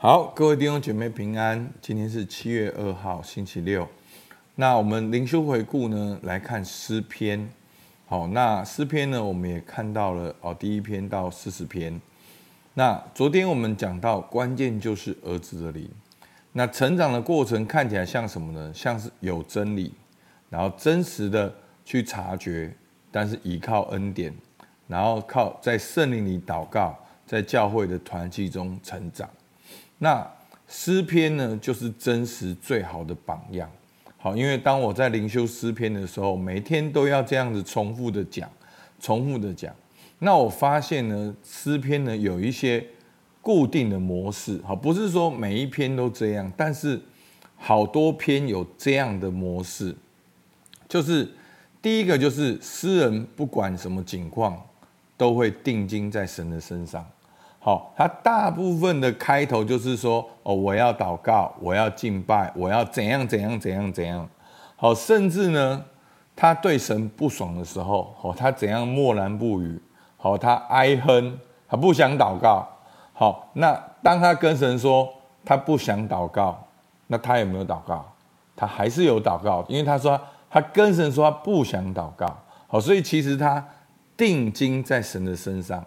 好，各位弟兄姐妹平安。今天是七月二號，星期六。那我們靈修回顧呢，來看詩篇。好，那詩篇呢，我們也看到了哦，第一篇到四十篇。那昨天我們講到，關鍵就是兒子的靈。那成長的過程看起來像什麼呢？像是有真理，然後真實的去察覺，但是依靠恩典，然後靠在聖靈裡禱告，在教會的團契中成長。那詩篇呢，就是真實最好的榜樣。好，因為當我在靈修詩篇的時候，每天都要這樣子重複的講，重複的講。那我發現呢，詩篇呢有一些固定的模式。好，不是說每一篇都這樣，但是好多篇有這樣的模式。就是第一個，就是詩人不管什麼情況，都會定睛在神的身上。好，他大部分的開頭就是說：“哦，我要禱告，我要敬拜，我要怎樣怎樣怎樣怎樣。”好，甚至呢，他對神不爽的時候，哦，他怎樣默然不語，好，他哀恨，他不想禱告。好，那當他跟神說他不想禱告，那他有沒有禱告？他還是有禱告，因為他說他跟神說他不想禱告。好，所以其實他定睛在神的身上。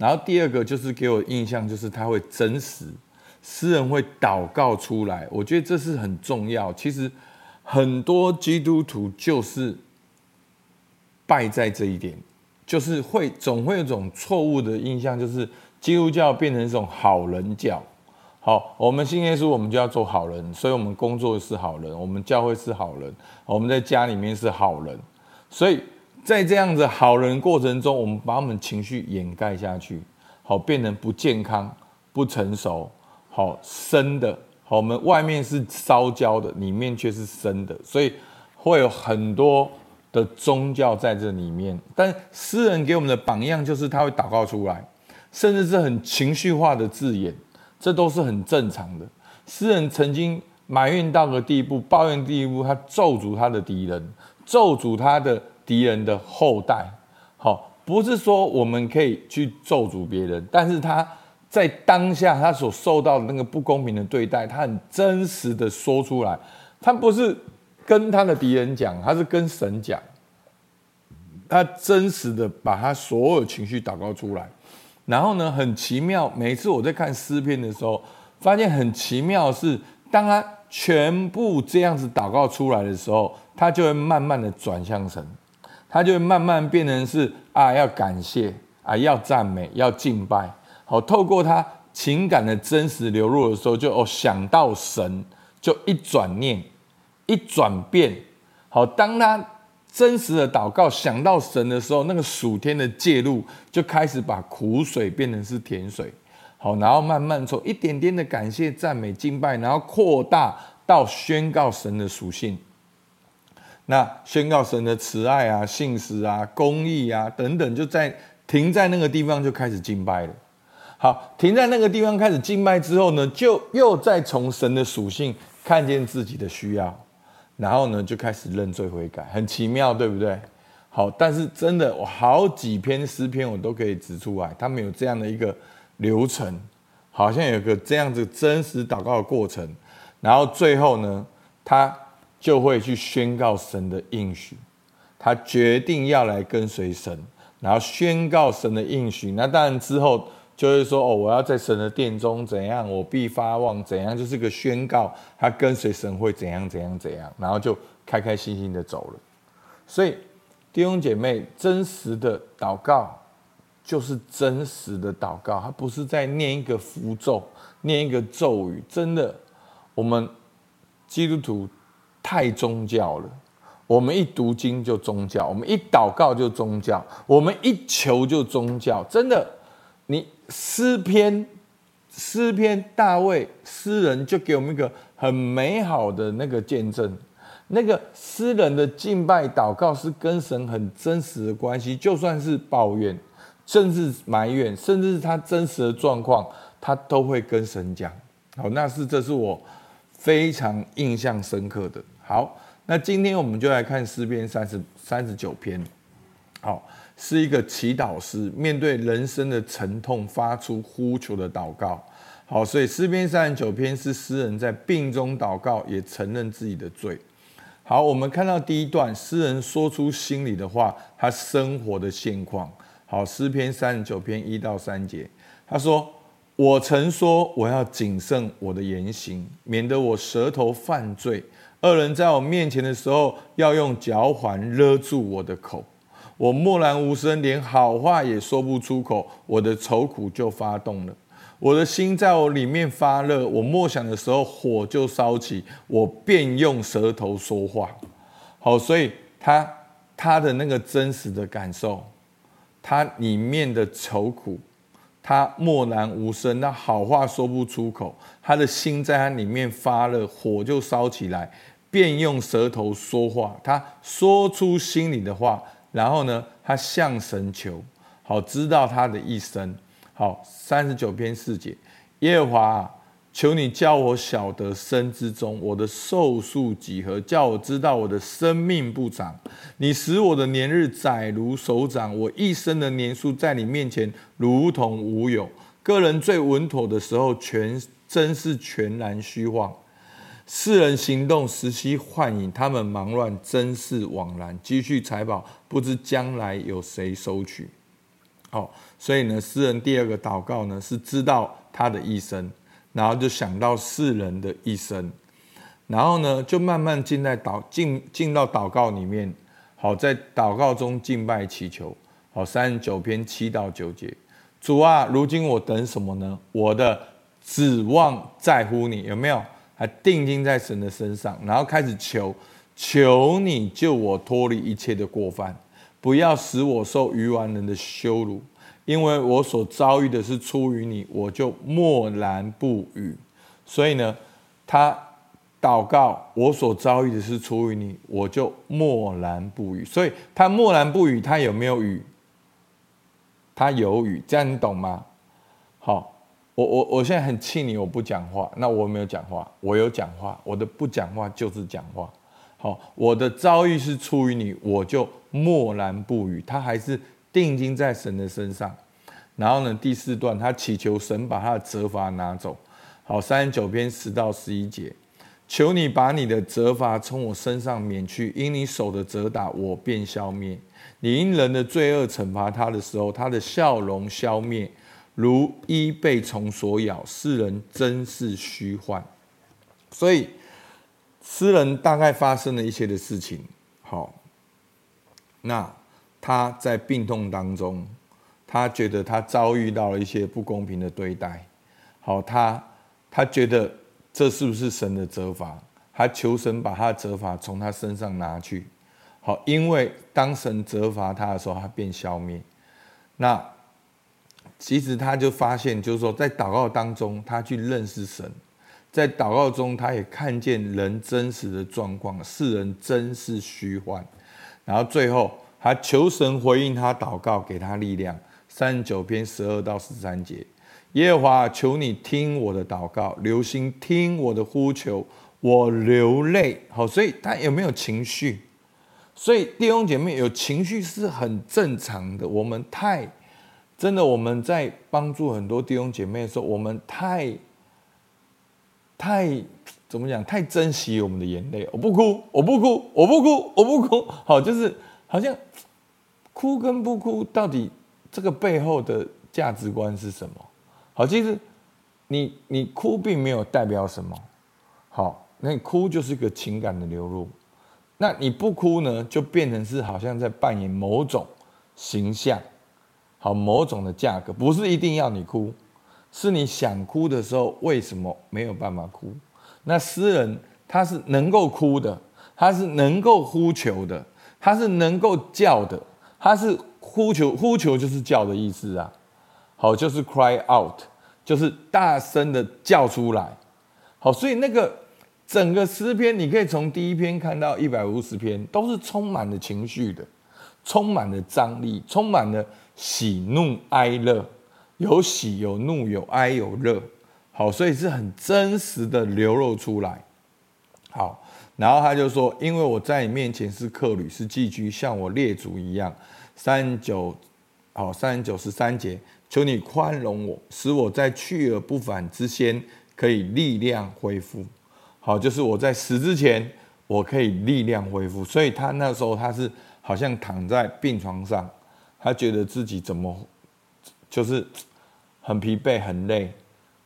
然後第二個就是給我印象，就是他會真實，詩人會禱告出來。我覺得這是很重要。其實，很多基督徒就是敗在這一點，就是會總會有種錯誤的印象，就是基督教變成一種好人教。好，我們信耶穌，我們就要做好人，所以我們工作是好人，我們教會是好人，我們在家裡面是好人，所以。在這樣子好人過程中，我們把我們情緒掩蓋下去，好變成不健康、不成熟、好生的。好，我們外面是燒焦的，裡面卻是生的，所以會有很多的宗教在這裡面。但詩人給我們的榜樣就是他會禱告出來，甚至是很情緒化的字眼，這都是很正常的。詩人曾經埋怨到個地步，抱怨到個地步，他咒詛他的敵人，咒詛他的。敵人的後代，好，不是說我們可以去咒詛別人，但是他在當下他所受到的那個不公平的對待，他很真實的說出來，他不是跟他的敵人講，他是跟神講，他真實的把他所有情緒禱告出來，然後呢，很奇妙，每次我在看詩篇的時候，發現很奇妙的是，當他全部這樣子禱告出來的時候，他就會慢慢的轉向神。他就慢慢變成是啊，要感謝啊，要讚美，要敬拜。好，透過他情感的真實流露的時候，就哦想到神，就一轉念，一轉變。好，當他真實的禱告想到神的時候，那個屬天的介入就開始把苦水變成是甜水。好，然後慢慢從一點點的感謝、讚美、敬拜，然後擴大到宣告神的屬性。那宣告神的慈愛啊、信實啊、公義啊等等，就在停在那個地方就開始敬拜了。好，停在那個地方開始敬拜之後呢，就又再從神的屬性看見自己的需要，然後呢就開始認罪悔改，很奇妙，對不對？好，但是真的，我好幾篇詩篇我都可以指出來，他們有這樣的一個流程，好像有個這樣子真實禱告的過程，然後最後呢，他。就會去宣告神的應許，他決定要來跟隨神，然後宣告神的應許。那當然之後就會說：“哦，我要在神的殿中怎樣，我必發旺怎樣。”就是個宣告，他跟隨神會怎樣怎樣怎樣，然後就開開心心的走了。所以弟兄姐妹，真實的禱告就是真實的禱告，他不是在念一個符咒、念一個咒語。真的，我們基督徒。太宗教了，我們一讀經就宗教，我們一禱告就宗教，我們一求就宗教。真的，你詩篇，詩篇大衛詩人就給我們一個很美好的那個見證。那個詩人的敬拜禱告是跟神很真實的關係，就算是抱怨，甚至埋怨，甚至是他真實的狀況，他都會跟神講。好，那是，這是我。非常印象深刻的。好，那今天我們就來看詩篇三十三十九篇。好，是一個祈禱詩，面對人生的沉痛，發出呼求的禱告。好，所以詩篇三十九篇是詩人在病中禱告，也承認自己的罪。好，我們看到第一段，詩人說出心裡的話，他生活的現況。好，詩篇三十九篇一到三節，他說。我曾說，我要謹慎我的言行，免得我舌頭犯罪。惡人在我面前的時候，要用嚼環勒住我的口。我默然無聲，連好話也說不出口。我的愁苦就發動了，我的心在我裡面發熱。我默想的時候，火就燒起，我便用舌頭說話。好，所以他他的那個真實的感受，他裡面的愁苦。他默然無聲，那好話說不出口，他的心在他裡面發熱，火就燒起來，便用舌頭說話，他說出心裡的話，然後呢，他向神求，好知道他的一生，好三十九篇四節，耶和華。求你叫我曉得身之終，我的壽數幾何，叫我知道我的生命不長。你使我的年日窄如手掌，我一生的年數在你面前如同無有。各人最穩妥的時候，全真是全然虛幻。世人行動實係幻影，他們忙亂真是枉然。積蓄財寶，不知將來有誰收取。哦，所以呢，詩人第二個禱告呢，是知道他的一生。然後就想到世人的一生，然後呢，就慢慢進在禱進進到禱告裡面，好，在禱告中敬拜祈求。好，三十九篇七到九節，主啊，如今我等什麼呢？我的指望在乎你，有沒有？還定睛在神的身上，然後開始求，求你救我脫離一切的過犯，不要使我受愚頑人的羞辱。因為我所遭遇的是出於你，我就默然不語。所以呢，他禱告，我所遭遇的是出於你，我就默然不語。所以他默然不語，他有沒有語？他有語，這樣你懂嗎？好，我我我現在很氣你，我不講話。那我沒有講話，我有講話，我的不講話就是講話。好，我的遭遇是出於你，我就默然不語。他還是。定睛在神的身上，然後呢？第四段，他祈求神把他的責罰拿走。好，三十九篇十到十一節，求你把你的責罰從我身上免去，因你手的責打，我便消滅。你因人的罪惡懲罰他的時候，他的笑容消滅，如衣被蟲所咬。世人真是虛幻。所以，詩人大概發生了一些的事情。好，那。他在病痛當中，他覺得他遭遇到了一些不公平的對待，好，他他覺得這是不是神的責罰？他求神把他的責罰從他身上拿去，好，因為當神責罰他的時候，他便消滅。那其實他就發現，就是說，在禱告當中，他去認識神，在禱告中，他也看見人真實的狀況，世人真是虛幻，然後最後。他求神回應他禱告，給他力量。三十九篇十二到十三節，耶和華，求你聽我的禱告，留心聽我的呼求，我流淚。好，所以他有沒有情緒？所以弟兄姐妹有情緒是很正常的。我們太真的，我們在幫助很多弟兄姐妹的時候，我們太太怎麼講？太珍惜我們的眼淚。我不哭，我不哭，我不哭，我不哭。不哭好，就是。好像哭跟不哭，到底這個背後的價值觀是什麼？好，其實你你哭並沒有代表什麼。好，那你哭就是一個情感的流露。那你不哭呢，就變成是好像在扮演某種形象，好，某種的價格，不是一定要你哭，是你想哭的時候，為什麼沒有辦法哭？那詩人他是能夠哭的，他是能夠呼求的。他是能夠叫的，他是呼求，呼求就是叫的意思啊。好，就是 cry out，就是大聲的叫出來。好，所以那個整個詩篇，你可以從第一篇看到一百五十篇，都是充滿了情緒的，充滿了張力，充滿了喜怒哀樂，有喜有怒有哀有樂。好，所以是很真實的流露出來。好。然後他就說：“因為我在你面前是客旅，是寄居，像我列祖一樣。三九，好，三九十三節，求你寬容我，使我在去而不返之先可以力量恢復。好，就是我在死之前，我可以力量恢復。所以他那時候他是好像躺在病床上，他覺得自己怎麼就是很疲憊、很累。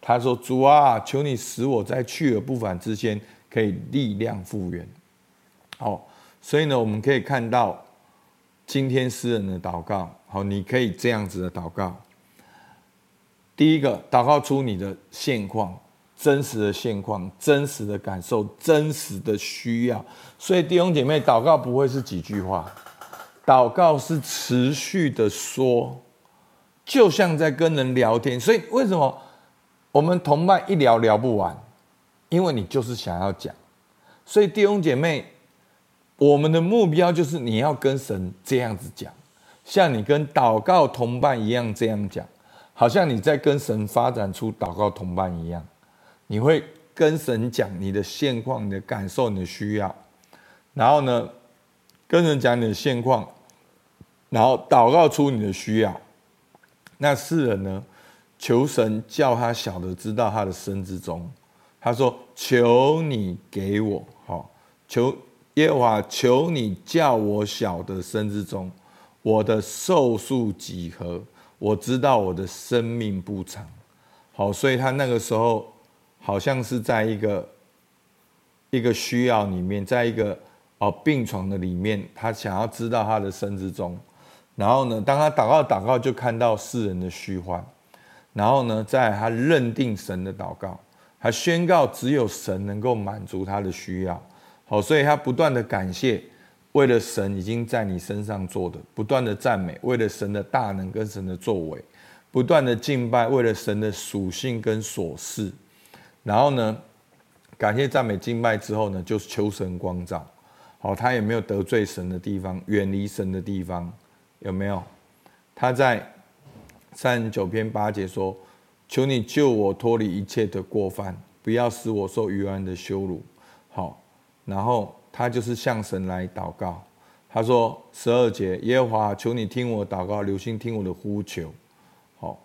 他說：主啊，求你使我在去而不返之先。”可以力量復原，好，所以呢，我們可以看到今天詩人的禱告，好，你可以這樣子的禱告。第一個禱告出你的現況，真實的現況，真實的感受，真實的需要。所以弟兄姐妹，禱告不會是幾句話，禱告是持續的說，就像在跟人聊天。所以為什麼我們同伴一聊聊不完？因為你就是想要講，所以弟兄姐妹，我們的目標就是你要跟神這樣子講，像你跟禱告同伴一樣這樣講，好像你在跟神發展出禱告同伴一樣，你會跟神講你的現況、你的感受、你的需要，然後呢，跟神講你的現況，然後禱告出你的需要。那世人呢，求神叫他曉得知道他的身之終。他說：“求你給我好，求耶和華，求你叫我曉得，身之終，我的壽數幾何？我知道我的生命不長。好，所以他那個時候好像是在一個一個需要裡面，在一個哦病床的裡面，他想要知道他的身之終。然後呢，當他禱告禱告，告就看到世人的虛幻。然後呢，在他認定神的禱告。”他宣告，只有神能夠滿足他的需要。好，所以他不斷的感謝，為了神已經在你身上做的，不斷的讚美，為了神的大能跟神的作為，不斷的敬拜，為了神的屬性跟所是。然後呢，感謝、讚美、敬拜之後呢，就是求神光照。好，他有沒有得罪神的地方，遠離神的地方有沒有？他在三十九篇八節說。求你救我脫離一切的過犯，不要使我受愚頑人的羞辱。好，然後他就是向神來禱告。他說：“十二節，耶和華，求你聽我禱告，留心聽我的呼求。”好，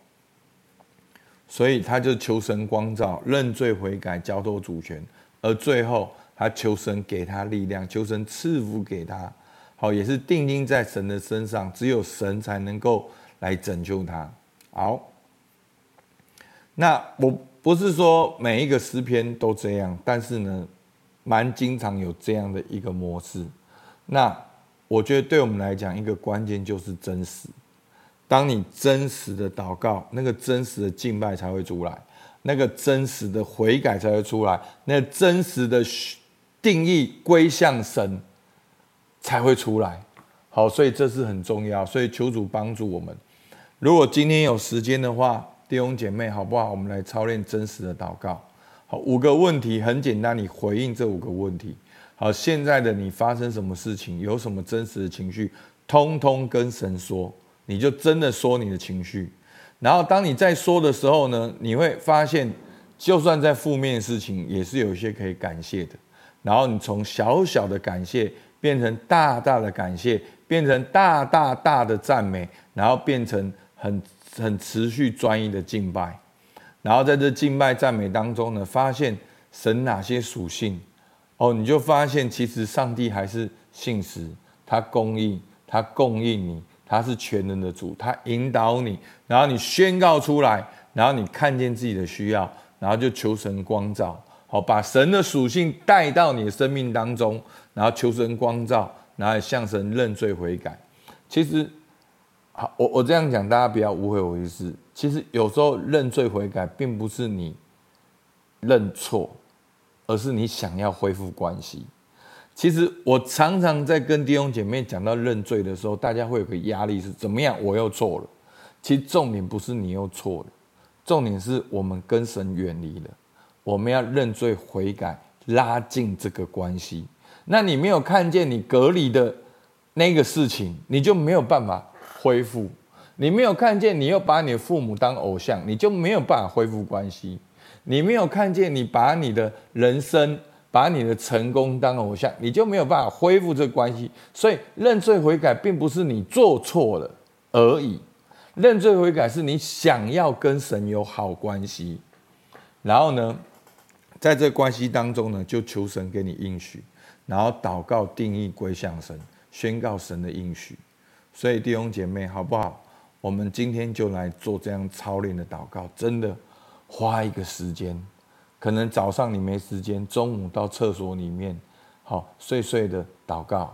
所以他就求神光照、認罪悔改、交託主權，而最後他求神給他力量，求神賜福給他。好，也是定睛在神的身上，只有神才能夠來拯救他。好。那我不是說每一個詩篇都這樣，但是呢，蠻經常有這樣的一個模式。那我覺得對我們來講，一個關鍵就是真實。當你真實的禱告，那個真實的敬拜才會出來，那個真實的悔改才會出來，那個真實的定意歸向神才會出來。好，所以這是很重要。所以求主幫助我們。如果今天有時間的話，弟兄姐妹，好不好？我們來操練真實的禱告。好，五個問題很簡單，你回應這五個問題。好，現在的你發生什麼事情？有什麼真實的情緒？通通跟神說，你就真的說你的情緒。然後，當你在說的時候呢，你會發現，就算在負面的事情，也是有一些可以感謝的。然後，你從小小的感謝變成大大的感謝，變成大大大的讚美，然後變成很。很持續專一的敬拜，然後在這敬拜讚美當中呢，發現神哪些屬性哦，你就發現其實上帝還是信實，他供應，他供應你，他是全能的主，他引導你，然後你宣告出來，然後你看見自己的需要，然後就求神光照，好把神的屬性帶到你的生命當中，然後求神光照，然後向神認罪悔改，其實。好，我我這樣講，大家不要誤會我意思。其實有時候認罪悔改，並不是你認錯，而是你想要恢復關係。其實我常常在跟弟兄姐妹講到認罪的時候，大家會有個壓力是怎麼樣？我又錯了。其實重點不是你又錯了，重點是我們跟神遠離了。我們要認罪悔改，拉近這個關係。那你沒有看見你隔離的那個事情，你就沒有辦法。恢復，你沒有看見，你又把你的父母當偶像，你就沒有辦法恢復關係。你沒有看見，你把你的人生、把你的成功當偶像，你就沒有辦法恢復這關係。所以認罪悔改並不是你做錯了而已，認罪悔改是你想要跟神有好關係，然後呢，在這關係當中呢，就求神給你應許，然後禱告、定意歸向神，宣告神的應許。所以弟兄姐妹，好不好？我們今天就來做這樣操練的禱告。真的，花一個時間，可能早上你沒時間，中午到廁所裡面，好，碎碎的禱告，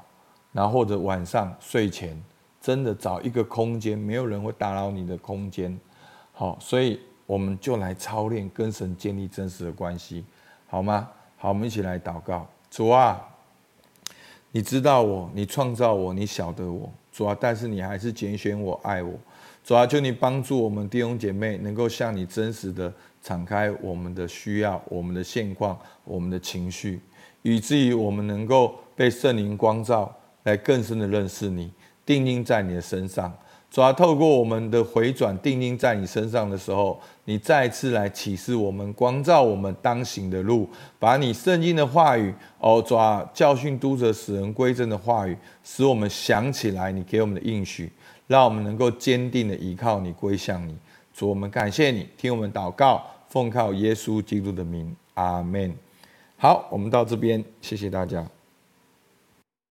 然後或者晚上睡前，真的找一個空間，沒有人會打擾你的空間，好，所以我們就來操練跟神建立真實的關係，好嗎？好，我們一起來禱告。主啊，你知道我，你創造我，你曉得我。主啊，但是你還是揀選我、愛我。主啊，求你幫助我們弟兄姐妹能夠向你真實的敞開我們的需要、我們的現況、我們的情緒，以至於我們能夠被聖靈光照，來更深的認識你，定睛在你的身上。主啊，透過我們的回轉，定睛在你身上的時候，你再次來啟示我們，光照我們當行的路，把你聖經的話語哦，主啊，教訓督責使人歸正的話語，使我們想起來你給我們的應許，讓我們能夠堅定的依靠你歸向你。主，我們感謝你，聽我們禱告，奉靠耶穌基督的名，阿門。好，我們到這邊，謝謝大家。